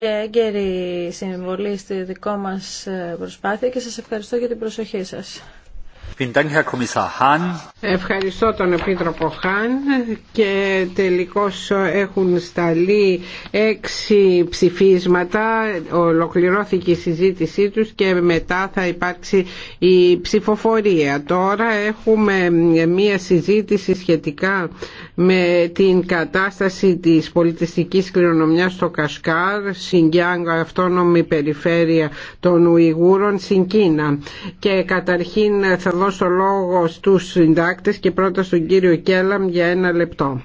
έγκαιρη συμβολή στη δικό μας ε, προσπάθεια και σας ευχαριστώ για την προσοχή σας. Ευχαριστώ τον Επίτροπο Χάν και τελικώς έχουν σταλεί έξι ψηφίσματα, ολοκληρώθηκε η συζήτησή τους και μετά θα υπάρξει η ψηφοφορία. Τώρα έχουμε μία συζήτηση σχετικά με την κατάσταση της πολιτιστικής κληρονομιάς στο Κασκάρ, Σινγκιάνγκ, αυτόνομη περιφέρεια των Ουιγούρων στην Κίνα. Και καταρχήν θα δώσω λόγο στους συντάκτες και πρώτα στον κύριο Κέλαμ για ένα λεπτό.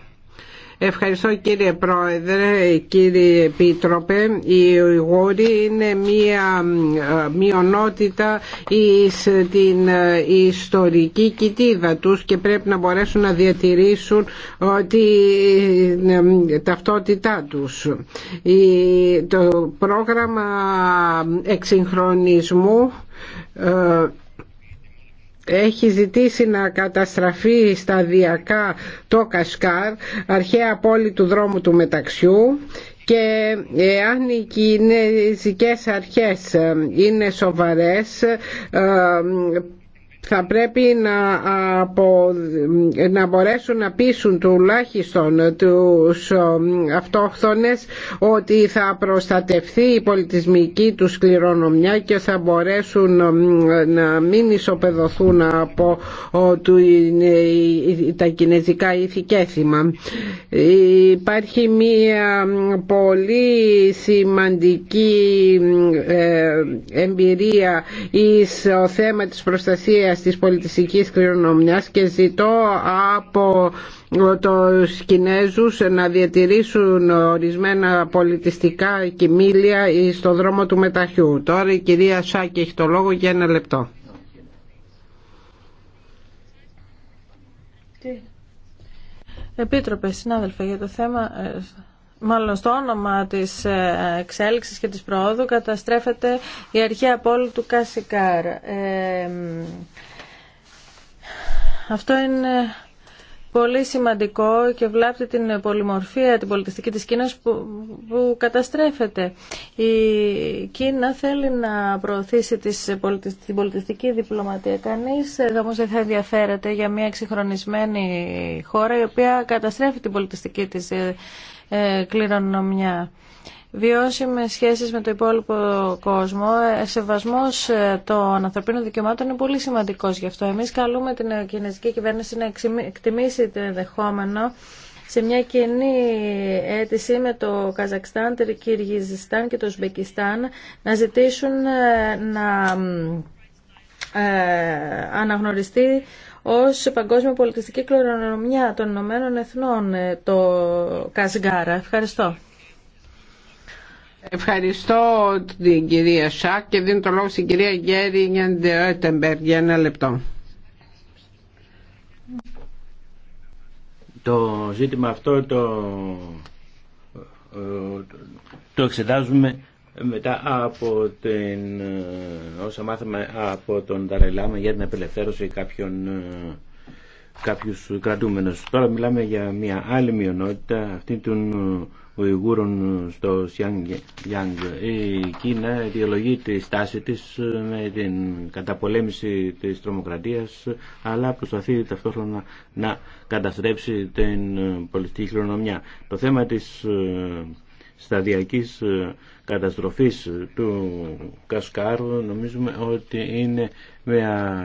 Ευχαριστώ κύριε Πρόεδρε, κύριε Επίτροπε. η γόροι είναι μία ε, μειονότητα στην ε, ιστορική κοιτίδα τους και πρέπει να μπορέσουν να διατηρήσουν ότι ε, ταυτότητά τους. Το πρόγραμμα εξυγχρονισμού έχει ζητήσει να καταστραφεί σταδιακά το Κασκάρ, αρχαία πόλη του δρόμου του μεταξιού και εάν οι κινέζικες αρχές ε, είναι σοβαρές ε, θα πρέπει να, να μπορέσουν να πείσουν τουλάχιστον τους αυτόχθονες ότι θα προστατευθεί η πολιτισμική τους κληρονομιά και θα μπορέσουν να μην ισοπεδωθούν από τα κινέζικα ήθη και Υπάρχει μία πολύ σημαντική ε, εμπειρία στο θέμα της προστασίας Τη της πολιτιστικής και ζητώ από τους Κινέζους να διατηρήσουν ορισμένα πολιτιστικά κοιμήλια στο δρόμο του μεταχιού. Τώρα η κυρία Σάκη έχει το λόγο για ένα λεπτό. Επίτροπε, συνάδελφε, για το θέμα ε, μάλλον στο όνομα της ε, εξέλιξης και της προόδου καταστρέφεται η αρχαία πόλη του Κασικάρ. Ε, αυτό είναι πολύ σημαντικό και βλάπτει την πολυμορφία, την πολιτιστική της Κίνας που, που καταστρέφεται. Η Κίνα θέλει να προωθήσει τις την πολιτιστική διπλωματία. Κανείς όμω δεν θα ενδιαφέρεται για μια εξυγχρονισμένη χώρα η οποία καταστρέφει την πολιτιστική της ε, ε, κληρονομιά. Βιώσιμε σχέσεις με το υπόλοιπο κόσμο, ε, σεβασμός ε, των ανθρωπίνων δικαιωμάτων είναι πολύ σημαντικός γι' αυτό. Εμείς καλούμε την κινέζικη κυβέρνηση να εκτιμήσει το ενδεχόμενο σε μια κοινή αίτηση με το Καζακστάν, το Κυργιζιστάν και το Σμπεκιστάν να ζητήσουν να ε, αναγνωριστεί ως Παγκόσμια Πολιτιστική Κληρονομιά των Ηνωμένων Εθνών ε, το Κασγκάρα. Ευχαριστώ. Ευχαριστώ την κυρία Σάκ και δίνω το λόγο στην κυρία Γκέρι Ντεότεμπερ για ένα λεπτό. Το ζήτημα αυτό το, ε, το εξετάζουμε μετά από την, ε, όσα μάθαμε από τον Ταρελάμα για την απελευθέρωση κάποιων ε, κάποιους κρατούμενους. Τώρα μιλάμε για μια άλλη μειονότητα, αυτή των ε, Ουιγούρων στο Σιάνγκ. Η Κίνα διολογεί τη στάση της με την καταπολέμηση της τρομοκρατίας, αλλά προσπαθεί ταυτόχρονα να καταστρέψει την πολιτική κληρονομιά. Το θέμα της σταδιακής ε, καταστροφής του Κασκάρου νομίζουμε ότι είναι μια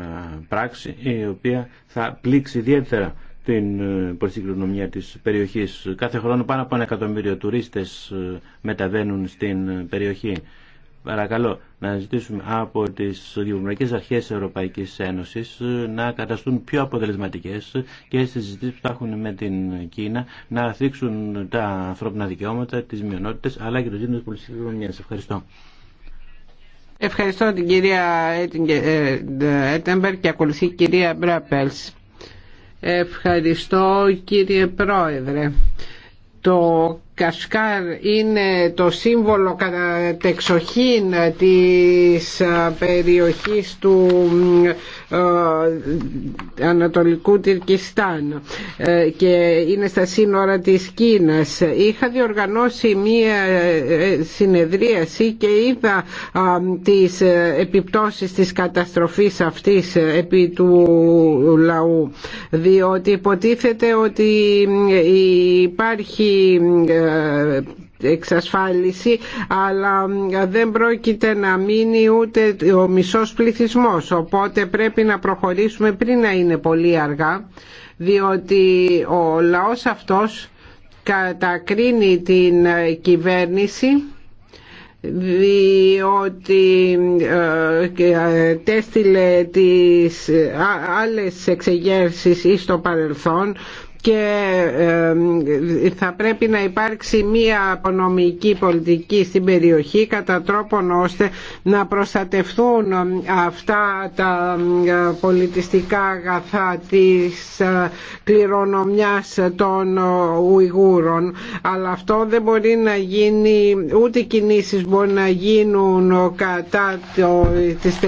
πράξη η οποία θα πλήξει ιδιαίτερα την ε, πολυσυγκρονομία της περιοχής. Κάθε χρόνο πάνω από ένα εκατομμύριο τουρίστες ε, μεταβαίνουν στην περιοχή παρακαλώ να ζητήσουμε από τις διευρωπαϊκές αρχές τη Ευρωπαϊκής Ένωσης ε, να καταστούν πιο αποτελεσματικές και στις συζητήσει που θα έχουν με την Κίνα να θίξουν τα ανθρώπινα δικαιώματα, τι μειονότητε αλλά και το ζήτημα της πολιτική Ευχαριστώ. Ευχαριστώ την κυρία ε, ε, Έτεμπερ και ακολουθεί η κυρία Μπράπελς. Ευχαριστώ κύριε Πρόεδρε. Το Κασκάρ είναι το σύμβολο κατά τεξοχήν της ε, περιοχής του ε, Ανατολικού Τυρκιστάν ε, και είναι στα σύνορα της Κίνας. Είχα διοργανώσει μία συνεδρίαση και είδα τις επιπτώσεις της καταστροφής αυτής επί του λαού διότι υποτίθεται ότι υπάρχει ε, εξασφάλιση αλλά ε, δεν πρόκειται να μείνει ούτε ο μισός πληθυσμός οπότε πρέπει να προχωρήσουμε πριν να είναι πολύ αργά διότι ο λαός αυτός κατακρίνει την ε, κυβέρνηση διότι ε, τέστηλε τις άλλες εξεγέρσεις ή στο παρελθόν και θα πρέπει να υπάρξει μία απονομική πολιτική στην περιοχή κατά τρόπον ώστε να προστατευτούν αυτά τα πολιτιστικά αγαθά της ε, κληρονομιάς των Ουιγούρων αλλά αυτό δεν μπορεί να γίνει ούτε κινήσεις μπορεί να γίνουν κατά το, της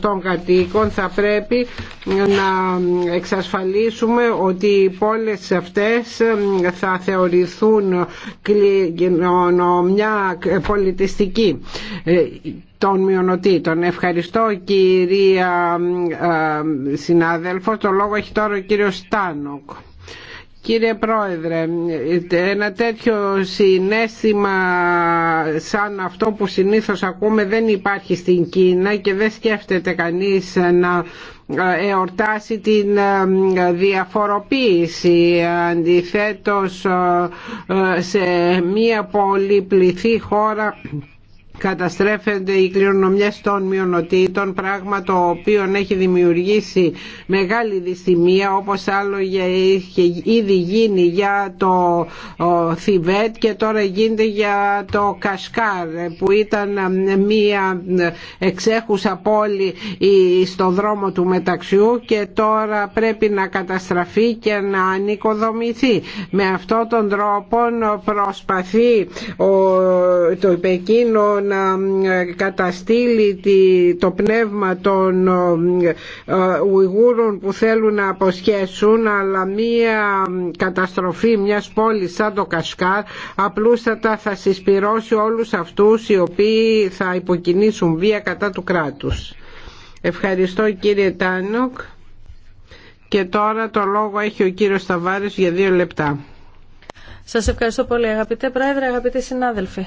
των κατοίκων θα πρέπει να εξασφαλίσουμε ότι οι σε αυτές θα θεωρηθούν μια ε, πολιτιστική ε, των μειονοτήτων. Ευχαριστώ κυρία συνάδελφο. Το λόγο έχει τώρα ο κύριος Στάνοκ. Κύριε Πρόεδρε, ένα τέτοιο συνέστημα σαν αυτό που συνήθως ακούμε δεν υπάρχει στην Κίνα και δεν σκέφτεται κανείς να εορτάσει την ε, διαφοροποίηση αντιθέτως ε, σε μια πολυπληθή χώρα καταστρέφεται η κληρονομιά των μειονοτήτων πράγμα το οποίο έχει δημιουργήσει μεγάλη δυστημία όπως άλλο είχε ήδη γίνει για το Θιβέτ και τώρα γίνεται για το Κασκάρ που ήταν μια εξέχουσα πόλη στο δρόμο του μεταξιού και τώρα πρέπει να καταστραφεί και να ανοικοδομηθεί. Με αυτόν τον τρόπο προσπαθεί το Πεκίνο να ε, καταστήλει το πνεύμα των ε, ε, Ουιγούρων που θέλουν να αποσχέσουν αλλά μία καταστροφή μιας πόλης σαν το Κασκάρ απλούστατα θα συσπυρώσει όλους αυτούς οι οποίοι θα υποκινήσουν βία κατά του κράτους. Ευχαριστώ κύριε Τάνοκ και τώρα το λόγο έχει ο κύριος Σταβάρης για δύο λεπτά. Σας ευχαριστώ πολύ αγαπητέ Πρόεδρε, αγαπητοί συνάδελφοι.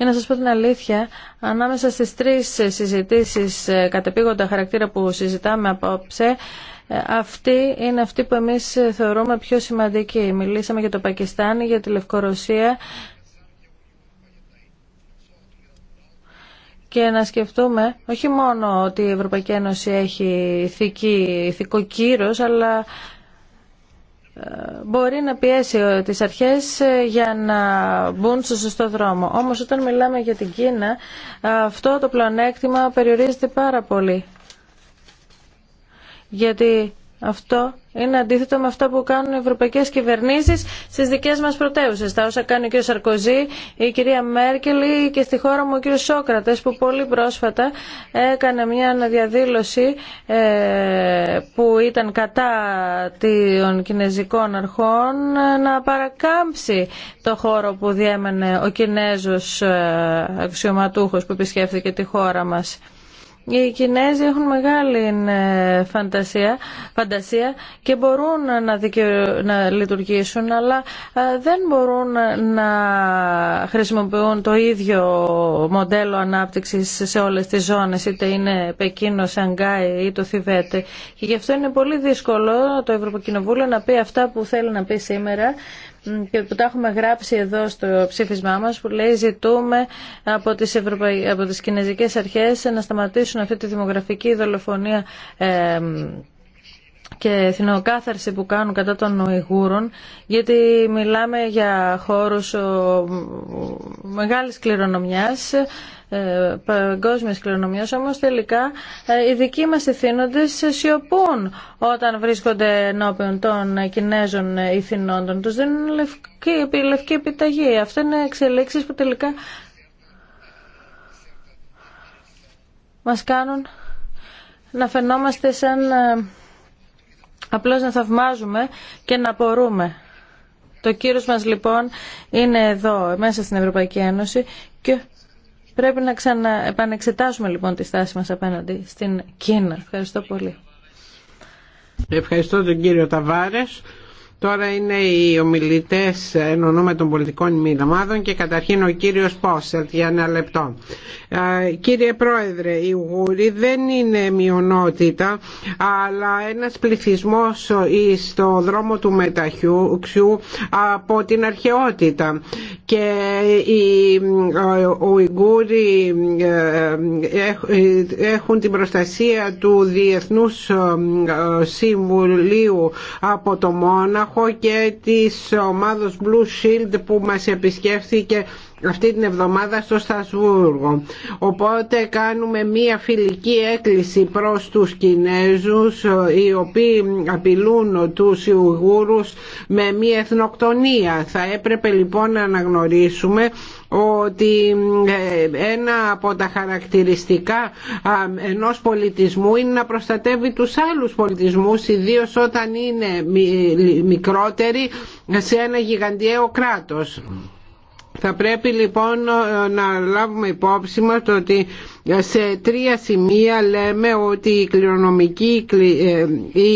Για να σας πω την αλήθεια, ανάμεσα στις τρεις συζητήσεις ε, κατεπήγοντα χαρακτήρα που συζητάμε απόψε, ε, αυτή είναι αυτή που εμείς ε, θεωρούμε πιο σημαντική. Μιλήσαμε για το Πακιστάν, για τη Λευκορωσία και να σκεφτούμε όχι μόνο ότι η Ευρωπαϊκή Ένωση έχει ηθική, ηθικό κύρος, αλλά μπορεί να πιέσει τις αρχές ε, για να μπουν στο σωστό δρόμο. Όμως όταν μιλάμε για την Κίνα, αυτό το πλανέκτημα περιορίζεται πάρα πολύ. Γιατί αυτό είναι αντίθετο με αυτά που κάνουν οι ευρωπαϊκές κυβερνήσεις στις δικές μας πρωτεύουσες. Τα όσα κάνει ο κ. Σαρκοζή, η κυρία Μέρκελ και στη χώρα μου ο κ. Σόκρατες που πολύ πρόσφατα έκανε μια αναδιαδήλωση ε, που ήταν κατά των κινέζικων αρχών να παρακάμψει το χώρο που διέμενε ο Κινέζος ε, αξιωματούχος που επισκέφθηκε τη χώρα μας. Οι Κινέζοι έχουν μεγάλη ε, φαντασία, φαντασία και μπορούν να, να λειτουργήσουν, αλλά ε, δεν μπορούν να χρησιμοποιούν το ίδιο μοντέλο ανάπτυξης σε όλες τις ζώνες, είτε είναι Πεκίνο, Σανγκάι ή το Θιβέτε. Και γι' αυτό είναι πολύ δύσκολο το Ευρωκοινοβούλιο να πει αυτά που θέλει να πει σήμερα και που τα έχουμε γράψει εδώ στο ψήφισμά μας που λέει ζητούμε από τις, κινεζικέ από τις Κινέζικες Αρχές να σταματήσουν αυτή τη δημογραφική δολοφονία ε, και εθνοκάθαρση που κάνουν κατά των Ουιγούρων γιατί μιλάμε για χώρους μεγάλης κληρονομιάς ε, παγκόσμιας κληρονομιάς όμως τελικά ε, οι δικοί μας ηθήνοντες σιωπούν όταν βρίσκονται ενώπιον των Κινέζων ηθινόντων. του τους δίνουν λευκή, λευκή επιταγή αυτό είναι εξελίξεις που τελικά μας κάνουν να φαινόμαστε σαν ε, απλώς να θαυμάζουμε και να απορούμε. Το κύριο μας λοιπόν είναι εδώ, μέσα στην Ευρωπαϊκή Ένωση και πρέπει να ξαναεπανεξετάσουμε λοιπόν τη στάση μας απέναντι στην Κίνα. Ευχαριστώ πολύ. Ευχαριστώ τον κύριο Ταβάρες. Τώρα είναι οι ομιλητές εν ονόμα των πολιτικών μηνωμάτων και καταρχήν ο κύριος Πόσελτ για ένα λεπτό. Ε, κύριε Πρόεδρε, οι Ουγγούροι δεν είναι μειονότητα αλλά ένας πληθυσμό στο δρόμο του μεταχιού από την αρχαιότητα και οι ε, Ουγγούροι ε, έχουν την προστασία του Διεθνούς Συμβουλίου από το Μόναχο και της ομάδος Blue Shield που μας επισκέφθηκε αυτή την εβδομάδα στο Στασβούργο. Οπότε κάνουμε μία φιλική έκκληση προς τους Κινέζους οι οποίοι απειλούν τους Ιουγούρους με μία εθνοκτονία. Θα έπρεπε λοιπόν να αναγνωρίσουμε ότι ε, ένα από τα χαρακτηριστικά ενός πολιτισμού είναι να προστατεύει τους άλλους πολιτισμούς ιδίως όταν είναι μικρότεροι σε ένα γιγαντιαίο κράτος. Θα πρέπει λοιπόν ε, να λάβουμε υπόψη μας ότι ε, σε τρία σημεία λέμε ότι η, κληρονομική, ε, η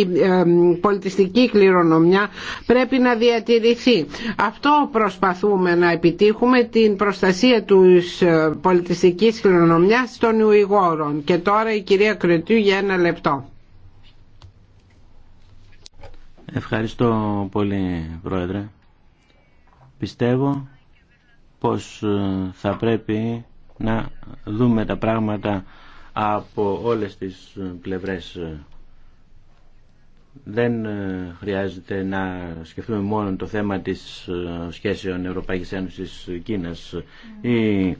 πολιτιστική κληρονομιά πρέπει να διατηρηθεί. Αυτό προσπαθούμε να επιτύχουμε την προστασία της πολιτιστικής κληρονομιάς των Ιουηγόρων. Και τώρα η κυρία Κρετού για ένα λεπτό. Ευχαριστώ πολύ Πρόεδρε. Πιστεύω πως ε, θα πρέπει να δούμε τα πράγματα από όλες τις ε, πλευρές. Δεν ε, χρειάζεται να σκεφτούμε μόνο το θέμα της σχέσεων Ευρωπαϊκής Ένωσης Κίνας. Mm. Η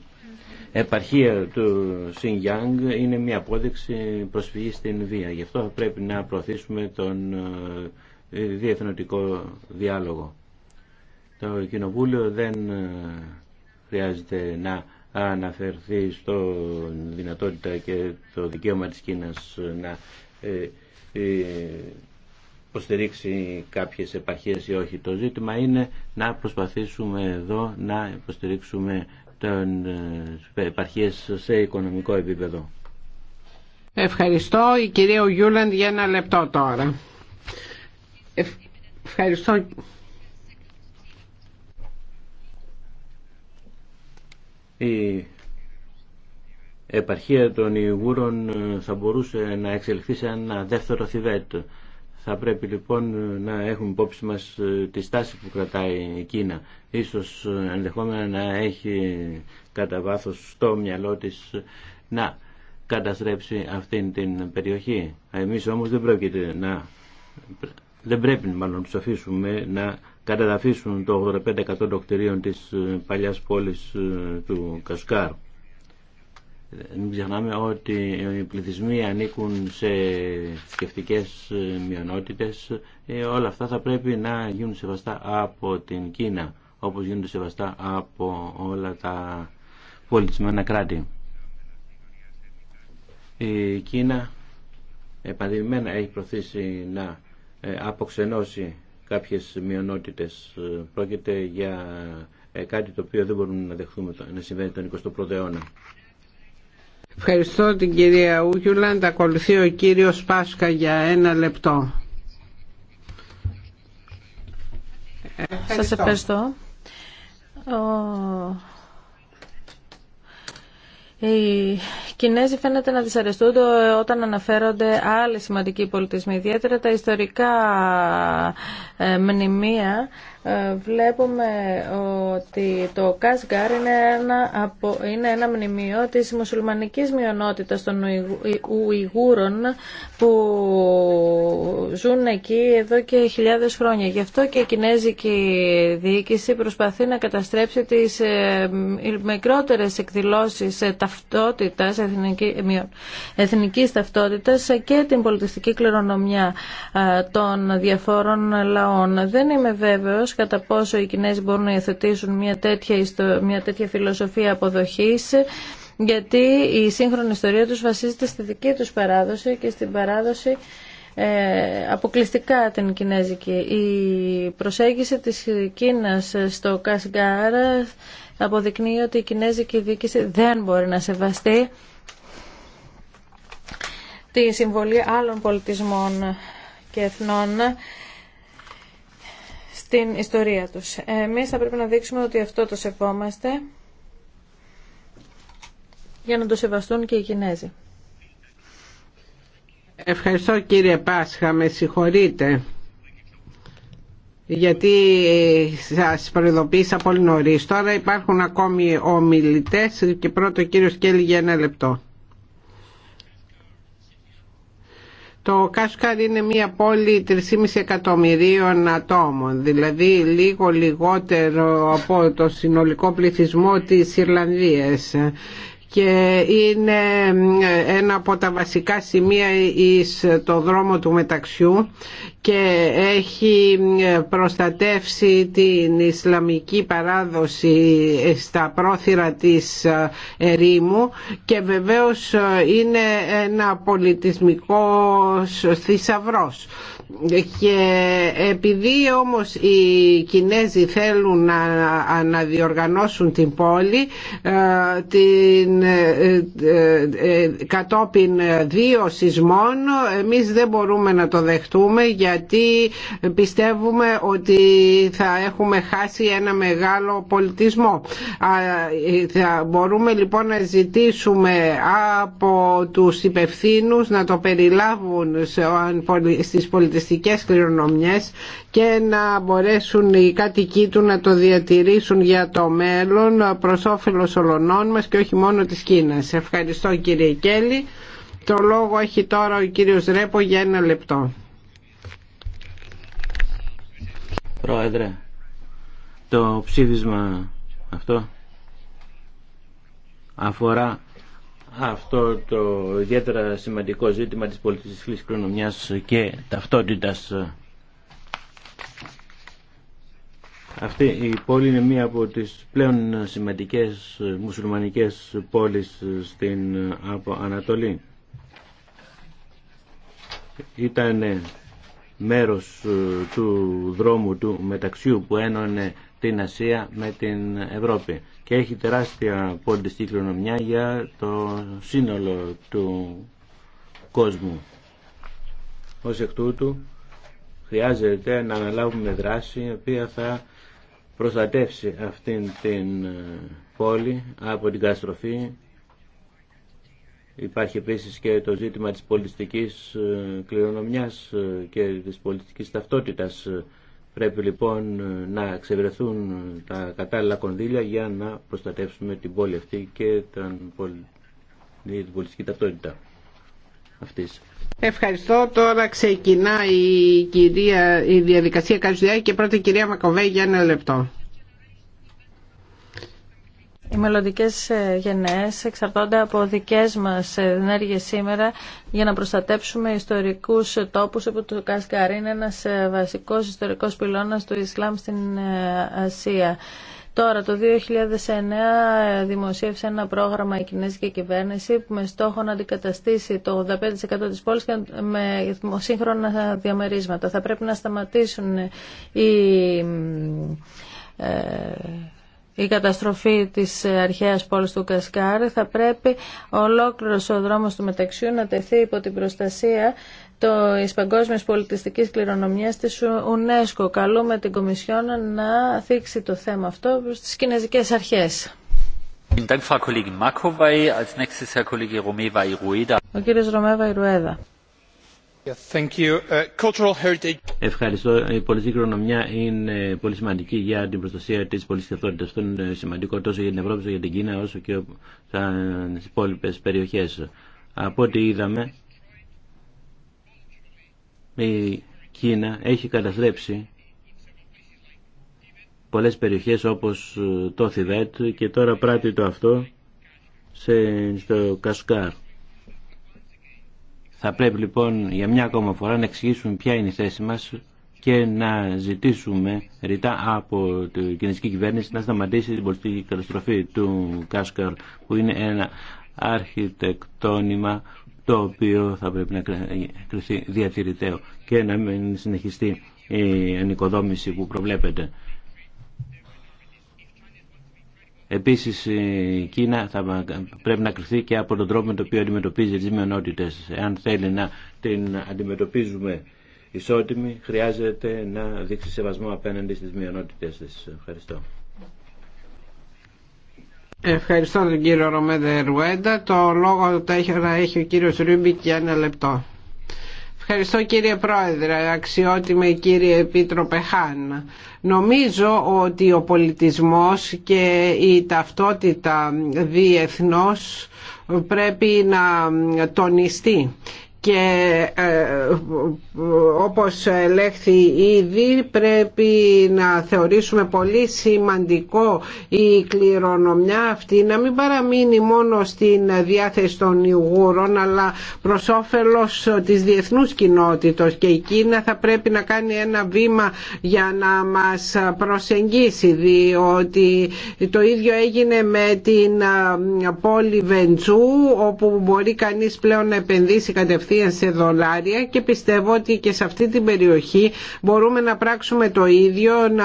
επαρχία του Σιν Γιάνγκ είναι μια απόδειξη προσφυγή στην βία. Γι' αυτό θα πρέπει να προωθήσουμε τον διεθνωτικό διάλογο. Το Κοινοβούλιο δεν χρειάζεται να αναφερθεί στο δυνατότητα και το δικαίωμα της Κίνας να ε, ε, υποστηρίξει κάποιες επαρχίες ή όχι. Το ζήτημα είναι να προσπαθήσουμε εδώ να υποστηρίξουμε τον ε, επαρχίες σε οικονομικό επίπεδο. Ευχαριστώ η κυρία τον επαρχιες σε οικονομικο επιπεδο ευχαριστω η κυρια για ένα λεπτό τώρα. Ευχαριστώ. η επαρχία των Ιγούρων ε, θα μπορούσε να εξελιχθεί σε ένα δεύτερο Θιβέτ. Θα πρέπει λοιπόν να έχουμε υπόψη μας ε, τη στάση που κρατάει η Κίνα. Ίσως ε, ενδεχόμενα να έχει κατά βάθο στο μυαλό της να καταστρέψει αυτήν την περιοχή. Εμείς όμως δεν πρόκειται να... Δεν πρέπει μάλλον να τους αφήσουμε να καταδαφίσουν το 85% των κτηρίων της ε, παλιάς πόλης ε, του Κασκάρ. Ε, μην ξεχνάμε ότι οι πληθυσμοί ανήκουν σε σκεφτικές μειονότητες. όλα αυτά θα πρέπει να γίνουν σεβαστά από την Κίνα, όπως γίνονται σεβαστά από όλα τα πολιτισμένα κράτη. Η Κίνα επανειλημμένα έχει προθέσει να αποξενώσει κάποιες μειονότητες. Ε, πρόκειται για ε, κάτι το οποίο δεν μπορούμε να δεχθούμε να συμβαίνει τον 21ο αιώνα. Ευχαριστώ την κυρία Ούγιουλαντ. Ακολουθεί ο κύριος Πάσκα για ένα λεπτό. Ευχαριστώ. Σας ευχαριστώ. Ο οι Κινέζοι φαίνεται να δυσαρεστούνται όταν αναφέρονται άλλοι σημαντικοί πολιτισμοί, ιδιαίτερα τα ιστορικά ε, μνημεία ε, βλέπουμε ότι το Κασγκάρ είναι ένα, από, είναι ένα μνημείο της μουσουλμανικής μειονότητας των Ουιγούρων που ζουν εκεί εδώ και χιλιάδες χρόνια. Γι' αυτό και η κινέζικη διοίκηση προσπαθεί να καταστρέψει τις ε, μικρότερες εκδηλώσεις ε, ταυτότητας, εθνική, εθνικής ταυτότητας και την πολιτιστική κληρονομιά των διαφόρων λαών. Δεν είμαι βέβαιος κατά πόσο οι Κινέζοι μπορούν να υιοθετήσουν μια τέτοια, μια τέτοια φιλοσοφία αποδοχής γιατί η σύγχρονη ιστορία τους βασίζεται στη δική τους παράδοση και στην παράδοση ε, αποκλειστικά την Κινέζικη. Η προσέγγιση της Κίνας στο Κασγκάρα αποδεικνύει ότι η Κινέζικη διοίκηση δεν μπορεί να σεβαστεί τη συμβολή άλλων πολιτισμών και εθνών στην ιστορία τους. Εμείς θα πρέπει να δείξουμε ότι αυτό το σεβόμαστε για να το σεβαστούν και οι Κινέζοι. Ευχαριστώ κύριε Πάσχα, με συγχωρείτε γιατί σας προειδοποίησα πολύ νωρίς. Τώρα υπάρχουν ακόμη ομιλητές και πρώτο κύριο κύριος για ένα λεπτό. Το Κάσκαρ είναι μια πόλη 3,5 εκατομμυρίων ατόμων, δηλαδή λίγο λιγότερο από το συνολικό πληθυσμό της Ιρλανδίας και είναι ε, ένα από τα βασικά σημεία εις το δρόμο του μεταξιού και έχει ε, προστατεύσει την Ισλαμική παράδοση στα πρόθυρα της ε, ερήμου και βεβαίως είναι ένα πολιτισμικό θησαυρός και επειδή όμως οι Κινέζοι θέλουν να αναδιοργανώσουν την πόλη ε, την, ε, ε, κατόπιν δύο σεισμών εμείς δεν μπορούμε να το δεχτούμε γιατί πιστεύουμε ότι θα έχουμε χάσει ένα μεγάλο πολιτισμό θα μπορούμε λοιπόν να ζητήσουμε από τους υπευθύνους να το περιλάβουν στις πολιτισμούς πολιτιστικές κληρονομιές και να μπορέσουν οι κάτοικοί του να το διατηρήσουν για το μέλλον προς όφελος ολονών μας και όχι μόνο της Κίνας. Ευχαριστώ κύριε Κέλλη. Το λόγο έχει τώρα ο κύριος Ρέπο για ένα λεπτό. Πρόεδρε, το ψήφισμα αυτό αφορά αυτό το ιδιαίτερα σημαντικό ζήτημα της πολιτιστικής κληρονομιάς και ταυτότητας. Αυτή η πόλη είναι μία από τις πλέον σημαντικές μουσουλμανικές πόλεις στην από Ανατολή. Ήταν μέρος ε, του δρόμου του μεταξύ που ένωνε την Ασία με την Ευρώπη και έχει τεράστια πολιτιστική κληρονομιά για το σύνολο του κόσμου. Ως εκ τούτου χρειάζεται να αναλάβουμε δράση η οποία θα προστατεύσει αυτήν την ε, πόλη από την καταστροφή. Υπάρχει επίσης και το ζήτημα της πολιτιστικής ε, κληρονομιάς ε, και της πολιτιστικής ταυτότητας Πρέπει λοιπόν ε, να ξεβρεθούν τα κατάλληλα κονδύλια για να προστατεύσουμε την πόλη αυτή και την, πολι... την πολιτική ταυτότητα αυτής. Ευχαριστώ. Τώρα ξεκινά η, κυρία, η διαδικασία Καζουδιά και πρώτα η κυρία Μακοβέ για ένα λεπτό οι μελλοντικέ ε, γενναίες εξαρτώνται από δικές μας ενέργειες σήμερα για να προστατέψουμε ιστορικούς τόπους όπου το Κασκαρ είναι ένας ε, βασικός ιστορικός πυλώνας του Ισλάμ στην ε, Ασία. Τώρα, το 2009 δημοσίευσε ένα πρόγραμμα η Κινέζικη Κυβέρνηση με στόχο να αντικαταστήσει το 85% της πόλης με σύγχρονα διαμερίσματα. Θα πρέπει να σταματήσουν οι η καταστροφή της αρχαίας πόλης του Κασκάρ θα πρέπει ολόκληρος ο δρόμος του μεταξιού να τεθεί υπό την προστασία της παγκόσμιας πολιτιστικής κληρονομιάς της UNESCO. Καλούμε την Κομισιόν να θίξει το θέμα αυτό στις κινέζικες αρχές. Ο κύριος Ρωμέβα Ιρουέδα. Uh, Ευχαριστώ. Η πολιτική κληρονομιά είναι πολύ σημαντική για την προστασία τη πολιτική ταυτότητα. Αυτό είναι σημαντικό τόσο για την Ευρώπη, όσο για την Κίνα, όσο και τι υπόλοιπε περιοχέ. Από ό,τι είδαμε, η Κίνα έχει καταστρέψει πολλές περιοχές όπως το Θιβέτ και τώρα πράττει το αυτό στο Κασκάρ. Θα πρέπει λοιπόν για μια ακόμα φορά να εξηγήσουμε ποια είναι η θέση μας και να ζητήσουμε ρητά από την κινέζικη κυβέρνηση να σταματήσει την πολιτική καταστροφή του Κάσκαρ που είναι ένα αρχιτεκτόνημα το οποίο θα πρέπει να κρυθεί διατηρηταίο και να μην συνεχιστεί η ανοικοδόμηση που προβλέπεται. Επίσης η Κίνα θα πρέπει να κρυφθεί και από τον τρόπο με τον οποίο αντιμετωπίζει τις μειονότητες. Εάν θέλει να την αντιμετωπίζουμε ισότιμη, χρειάζεται να δείξει σεβασμό απέναντι στις μειονότητες της. Ευχαριστώ. Ευχαριστώ τον κύριο Ρομέδε Ρουέντα. Το λόγο το έχει, έχει ο κύριος Ρούμπι για ένα λεπτό. Ευχαριστώ κύριε Πρόεδρε, αξιότιμε κύριε Επίτροπε Χάν. Νομίζω ότι ο πολιτισμός και η ταυτότητα διεθνώς πρέπει να τονιστεί και ε, όπως ελέγχθη ήδη πρέπει να θεωρήσουμε πολύ σημαντικό η κληρονομιά αυτή να μην παραμείνει μόνο στην διάθεση των Ιουγούρων αλλά προς όφελος της διεθνούς κοινότητος και η Κίνα θα πρέπει να κάνει ένα βήμα για να μας προσεγγίσει διότι το ίδιο έγινε με την πόλη Βεντζού όπου μπορεί κανείς πλέον να επενδύσει κατευθείαν σε δολάρια και πιστεύω ότι και σε αυτή την περιοχή μπορούμε να πράξουμε το ίδιο, να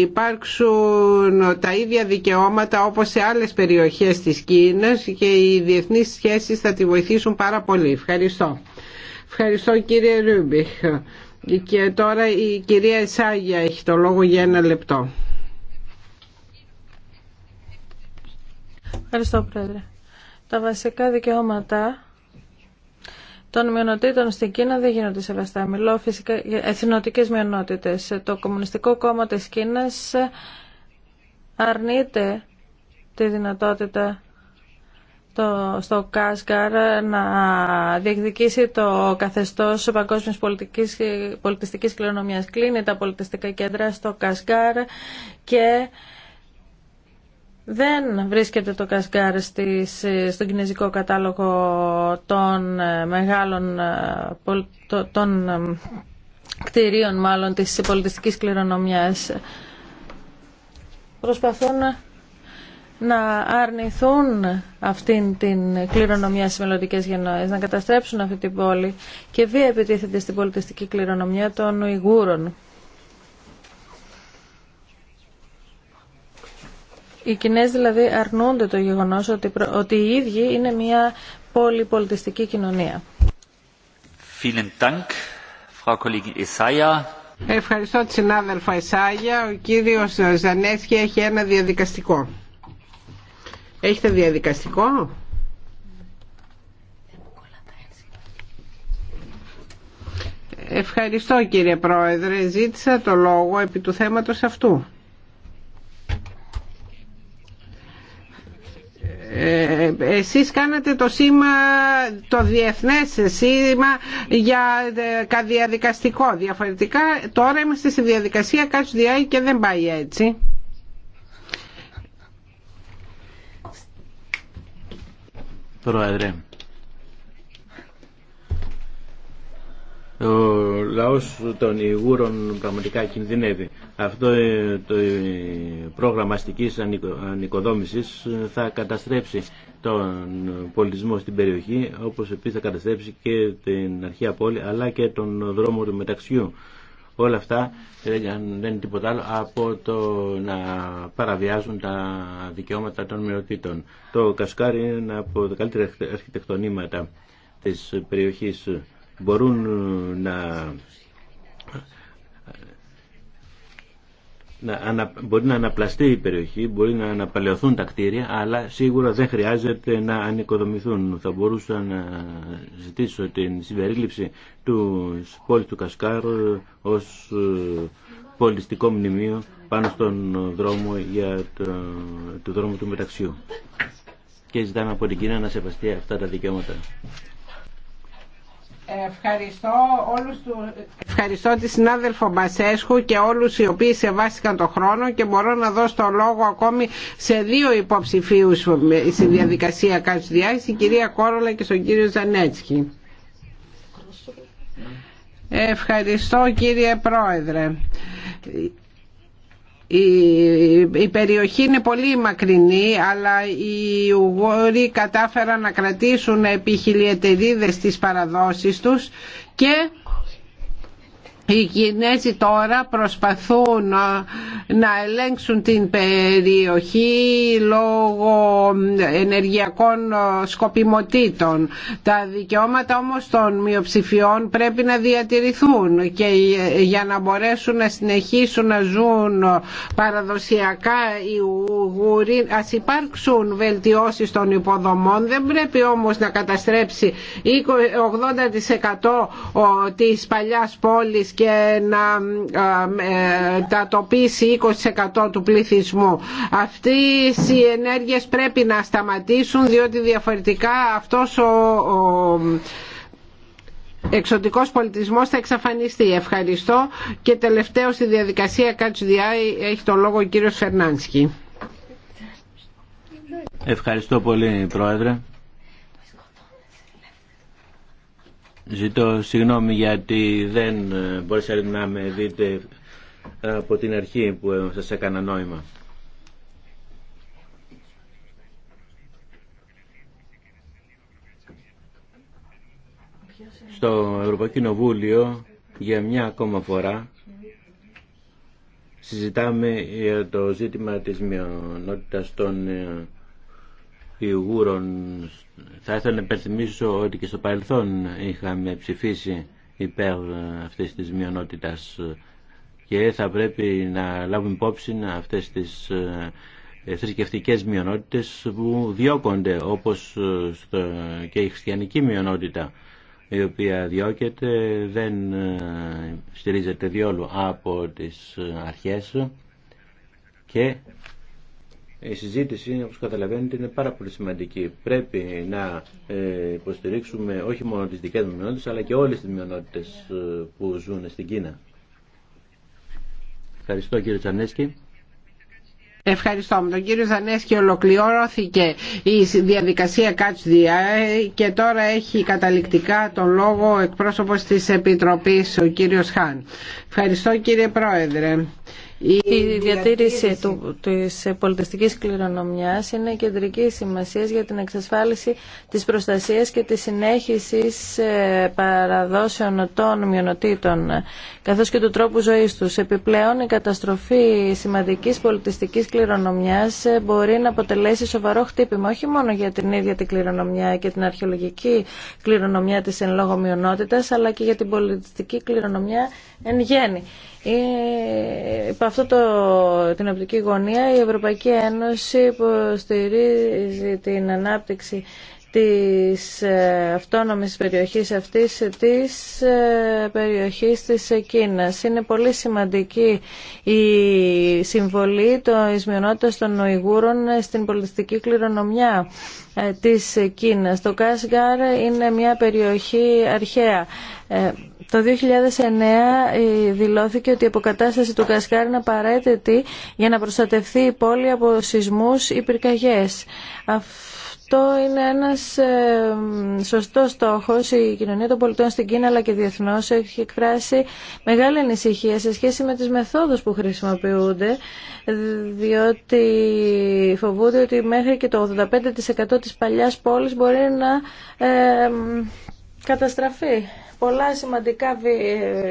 υπάρξουν τα ίδια δικαιώματα όπως σε άλλες περιοχές της Κίνας και οι διεθνείς σχέσεις θα τη βοηθήσουν πάρα πολύ. Ευχαριστώ. Ευχαριστώ κύριε Ρούμπιχ. Και τώρα η κυρία εσάγια έχει το λόγο για ένα λεπτό. Ευχαριστώ πρόεδρε. Τα βασικά δικαιώματα των μειονοτήτων στην Κίνα δεν γίνονται σεβαστά. Μιλώ φυσικά για εθνοτικές μειονότητες. Το Κομμουνιστικό Κόμμα της Κίνας αρνείται τη δυνατότητα το, στο Κάσκαρ να διεκδικήσει το καθεστώς παγκόσμιας πολιτικής, πολιτιστικής κληρονομιάς. Κλείνει τα πολιτιστικά κέντρα στο Κάσκαρ και δεν βρίσκεται το Κασκάρ στον κινέζικο κατάλογο των ε, μεγάλων ε, των ε, κτηρίων μάλλον της πολιτιστικής κληρονομιάς. Προσπαθούν να αρνηθούν αυτήν την κληρονομιά στις μελλοντικέ γενναιές, να καταστρέψουν αυτή την πόλη και βία επιτίθεται στην πολιτιστική κληρονομιά των Ιγούρων. οι Κινέζοι δηλαδή αρνούνται το γεγονός ότι, ότι οι ίδιοι είναι μια πολυπολιτιστική κοινωνία. Ευχαριστώ τη συνάδελφα Ισάγια. Ο κύριος Ζανέσκη έχει ένα διαδικαστικό. Έχετε διαδικαστικό? Ευχαριστώ κύριε Πρόεδρε. Ζήτησα το λόγο επί του θέματος αυτού. εσείς κάνατε το σήμα, το διεθνές σήμα για ε, καδιαδικαστικό. Διαφορετικά τώρα είμαστε στη διαδικασία κάτσου διάει και δεν πάει έτσι. Πρόεδρε, ο λαός των Ιγούρων πραγματικά κινδυνεύει. Αυτό ε, το ε, πρόγραμμα αστικής ανοικοδόμησης ε, θα καταστρέψει τον πολιτισμό στην περιοχή, όπως επίσης θα καταστρέψει και την αρχαία πόλη, αλλά και τον δρόμο του μεταξιού. Όλα αυτά δεν είναι τίποτα άλλο από το να παραβιάζουν τα δικαιώματα των μειοτήτων. Το Κασκάρι είναι ένα από τα καλύτερα αρχιτεκτονήματα της περιοχής μπορούν ε, να να ανα, μπορεί να αναπλαστεί η περιοχή, μπορεί να αναπαλαιωθούν τα κτίρια, αλλά σίγουρα δεν χρειάζεται να ανοικοδομηθούν. Θα μπορούσα να ζητήσω την συμπερίληψη του πόλη του Κασκάρ ε, ως ε, πολιτιστικό μνημείο πάνω στον δρόμο για το, το του μεταξιού. Και ζητάμε από την Κίνα να σεβαστεί αυτά τα δικαιώματα. Ευχαριστώ, όλους του... Ευχαριστώ τη συνάδελφο Μπασέσχου και όλους οι οποίοι σεβάστηκαν το χρόνο και μπορώ να δώσω το λόγο ακόμη σε δύο υποψηφίους στη διαδικασία Κατσουδιάη, στην κυρία Κόρολα και στον κύριο Ζανέτσκι. Ευχαριστώ κύριε Πρόεδρε η περιοχή είναι πολύ μακρινή αλλά οι Ουγγόροι κατάφεραν να κρατήσουν επί χιλιετερίδες τις παραδόσεις τους και οι Κινέζοι τώρα προσπαθούν να ελέγξουν την περιοχή λόγω ενεργειακών σκοπιμοτήτων. Τα δικαιώματα όμως των μειοψηφιών πρέπει να διατηρηθούν και για να μπορέσουν να συνεχίσουν να ζουν παραδοσιακά οι Ουγγουροί ας υπάρξουν βελτιώσεις των υποδομών δεν πρέπει όμως να καταστρέψει 80% της παλιάς πόλης και να τοπίσει 20% του πληθυσμού. Αυτές οι ενέργειες πρέπει να σταματήσουν διότι διαφορετικά αυτός ο, εξωτικός πολιτισμός θα εξαφανιστεί. Ευχαριστώ και τελευταίο στη διαδικασία Κατσουδιάη έχει το λόγο ο κύριος Φερνάνσκι. Ευχαριστώ πολύ Πρόεδρε. Ζητώ συγγνώμη γιατί δεν ε, μπορούσα να με δείτε από την αρχή που σας έκανα νόημα. Στο Ευρωπαϊκό για μια ακόμα φορά συζητάμε για το ζήτημα της μειονότητας των ε, θα ήθελα να υπενθυμίσω ότι και στο παρελθόν είχαμε ψηφίσει υπέρ αυτής της μειονότητας και θα πρέπει να λάβουμε υπόψη αυτές τις ε, θρησκευτικέ μειονότητες που διώκονται όπως ε, και η χριστιανική μειονότητα η οποία διώκεται δεν ε, στηρίζεται διόλου από τις αρχές και η συζήτηση, όπως καταλαβαίνετε, είναι πάρα πολύ σημαντική. Πρέπει να ε, υποστηρίξουμε όχι μόνο τις δικές μας αλλά και όλες τις μειονότητες ε, που ζουν στην Κίνα. Ευχαριστώ κύριε Τσανέσκη. Ευχαριστώ. Με τον κύριο Ζανέσκη ολοκληρώθηκε η διαδικασία Catch the και τώρα έχει καταληκτικά τον λόγο εκπρόσωπος της Επιτροπής, ο κύριος Χάν. Ευχαριστώ κύριε Πρόεδρε. Η διατήρηση του, της πολιτιστικής κληρονομιάς είναι κεντρική σημασία για την εξασφάλιση της προστασίας και της συνέχισης ε, παραδόσεων των μειονοτήτων, καθώς και του τρόπου ζωής τους. Επιπλέον, η καταστροφή σημαντικής πολιτιστικής κληρονομιάς ε, μπορεί να αποτελέσει σοβαρό χτύπημα, όχι μόνο για την ίδια την κληρονομιά και την αρχαιολογική κληρονομιά της εν λόγω μειονότητας, αλλά και για την πολιτιστική κληρονομιά εν γέννη. Ε, αυτό το, την οπτική γωνία η Ευρωπαϊκή Ένωση υποστηρίζει την ανάπτυξη της ε, αυτόνομης περιοχής αυτής της ε, περιοχής της Κίνας. Είναι πολύ σημαντική η συμβολή των μειονότητας των Ουιγούρων στην πολιτιστική κληρονομιά ε, της Κίνας. Το Κάσγαρ είναι μια περιοχή αρχαία. Το 2009 δηλώθηκε ότι η αποκατάσταση του Κασκάρ είναι απαραίτητη για να προστατευτεί η πόλη από σεισμούς ή πυρκαγιές. Αυτό είναι ένας ε, σωστός στόχος. Η κοινωνία των πολιτών στην Κίνα αλλά και διεθνώς έχει εκφράσει μεγάλη ανησυχία σε σχέση με τις μεθόδους που χρησιμοποιούνται διότι φοβούνται ότι μέχρι και το 85% της παλιάς πόλης μπορεί να ε, καταστραφεί πολλά σημαντικά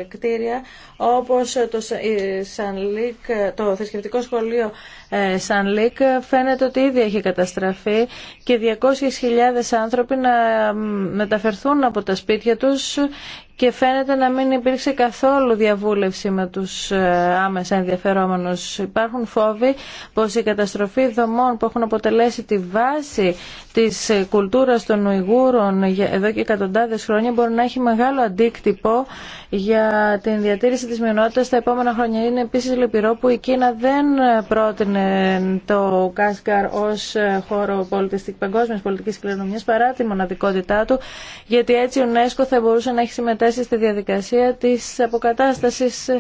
κτίρια όπως το, το θρησκευτικό σχολείο ε, Σαν Λίκ φαίνεται ότι ήδη έχει καταστραφεί και 200.000 άνθρωποι να μεταφερθούν από τα σπίτια τους και φαίνεται να μην υπήρξε καθόλου διαβούλευση με τους ε, άμεσα ενδιαφερόμενους. Υπάρχουν φόβοι πως η καταστροφή δομών που έχουν αποτελέσει τη βάση της ε, κουλτούρας των Ουιγούρων εδώ και εκατοντάδες χρόνια μπορεί να έχει μεγάλο αντίκτυπο για την διατήρηση της μειονότητας τα επόμενα χρόνια. Είναι επίσης λυπηρό που η Κίνα δεν πρότεινε το Κάσκαρ ως ε, χώρο πολιτιστικ, παγκόσμιας πολιτικής κληρονομιάς παρά τη μοναδικότητά του, γιατί έτσι η UNESCO θα μπορούσε να έχει συμμετέσει στη διαδικασία της αποκατάστασης ε,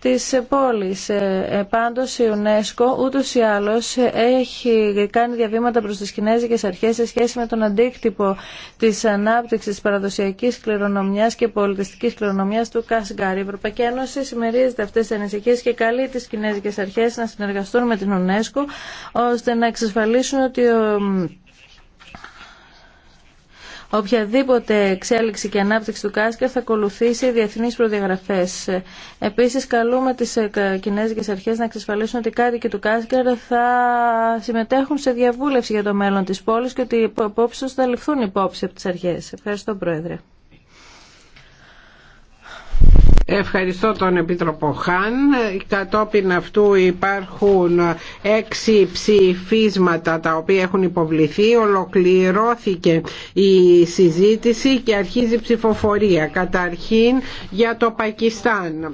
της πόλης. Ε, πάντως η UNESCO ούτως ή άλλως έχει κάνει διαβήματα προς τις κινέζικες αρχές σε σχέση με τον αντίκτυπο της ανάπτυξης της παραδοσιακής κληρονομιάς και πολιτιστικής κληρονομιάς του Κασγκάρη. Η Ευρωπαϊκή Ένωση συμμερίζεται αυτές τις ανησυχίες και καλεί τις κινέζικες αρχές να συνεργαστούν με την UNESCO ώστε να εξασφαλίσουν ότι Οποιαδήποτε εξέλιξη και ανάπτυξη του Κάσκερ θα ακολουθήσει διεθνεί προδιαγραφές. Επίσης καλούμε τις ε, κινέζικες αρχές να εξασφαλίσουν ότι οι κάτοικοι του Κάσκερ θα συμμετέχουν σε διαβούλευση για το μέλλον της πόλης και ότι οι υπόψει θα ληφθούν υπόψη από τι αρχέ. Ευχαριστώ Πρόεδρε. Ευχαριστώ τον Επίτροπο Χάν. Κατόπιν αυτού υπάρχουν έξι ψηφίσματα τα οποία έχουν υποβληθεί. Ολοκληρώθηκε η συζήτηση και αρχίζει η ψηφοφορία. Καταρχήν για το Πακιστάν.